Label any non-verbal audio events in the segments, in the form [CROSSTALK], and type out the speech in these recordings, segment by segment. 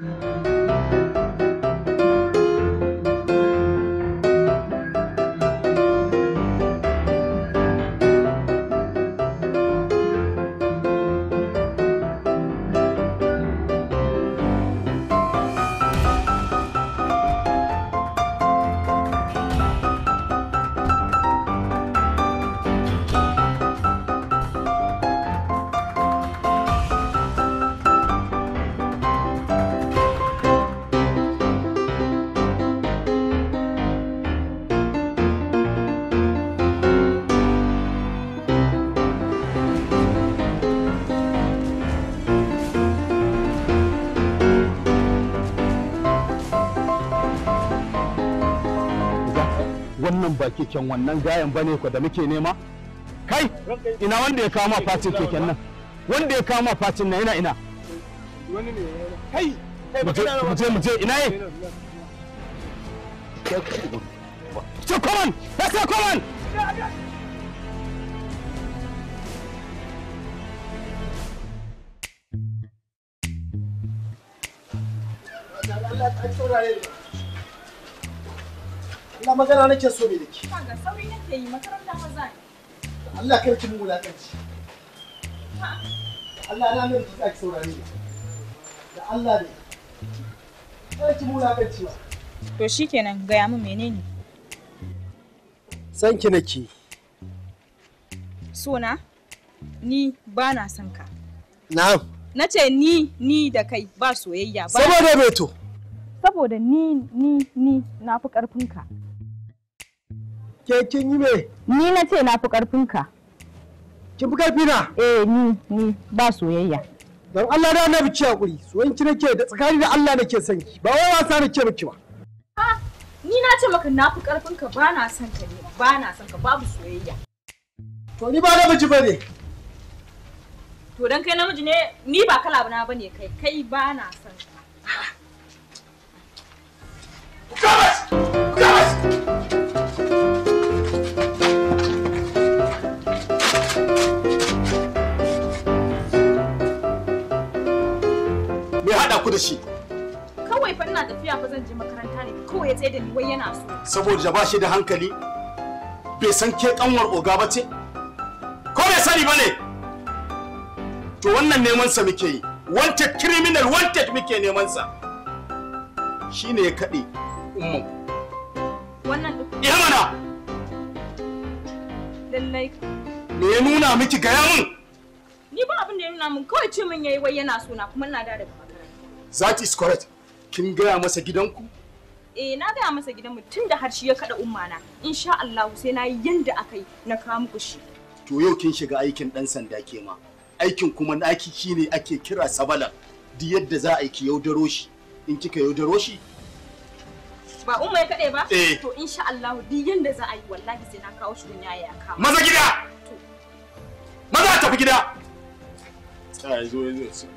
Thank you. wannan baki can wannan gayan bane ko da muke nema kai ina wanda ya kama fatin keken nan wanda ya kama fatin na yana ina kai muje muje ina yi ce koman ya ce koman Allah Allah magana nake so ne da ke. Kaga sauri nake yi makaranta Allah kar ki mu wulakanci. Allah na nan ki saurare ni. Da Allah ne. Kar ki mu wulakanci ba. To shikenan gaya mu menene? San ki nake. Sona ni ba na son ka. Na'am. Na ce ni ni da kai ba soyayya ba. Saboda beto. Saboda ni ni ni na fi ƙarfinka. Ke kin yi me? Ni na ce na fi ƙarfinka. Kin fi ƙarfi na? Eh ni ni ba soyayya. Don Allah da na bici hakuri, soyayyanki nake da tsakani da Allah nake son ki, ba wai wasa nake miki ba. Ha, ni na ce maka na fi ƙarfinka ba na son ka ne, ba na son ka babu soyayya. To ni ba namiji ba ne. To dan kai namiji ne, ni ba kala na ba ne kai, kai ba na son ka. Ah, Me haɗa ku da shi? Kawai fa ina tafiya fa zan je makaranta ne kawai ya tsaye da ni wai yana so. Saboda ba shi da hankali bai san ke ƙanwar oga ba ce? Ko bai sani ba ne? To wannan nemansa muke yi. Wanted criminal wanted muke nemansa sa. Shine ya kaɗe umman. Wannan duk. Iya mana. Lallai. me ya nuna miki gaya min ni ba abin da ya nuna min kawai ce min yayi wai yana suna kuma ina da daga makaranta that is correct kin gaya masa gidanku eh na gaya masa gidanmu tun da harshe ya kada umma na insha Allah sai na yi yanda akai na kawo muku shi to yau kin shiga aikin dan sanda ke ma aikin kuma naki shine ake kira sabala duk yadda za a yi ki yaudaro shi in kika yaudaro shi ba umma ya ba eh. to insha Allah duk yanda za a yi wallahi sai na kawo shi gunya ya maza gida maza tafi gida zo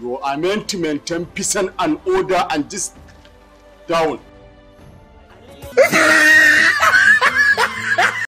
You are meant to maintain peace and order and this down. [LAUGHS]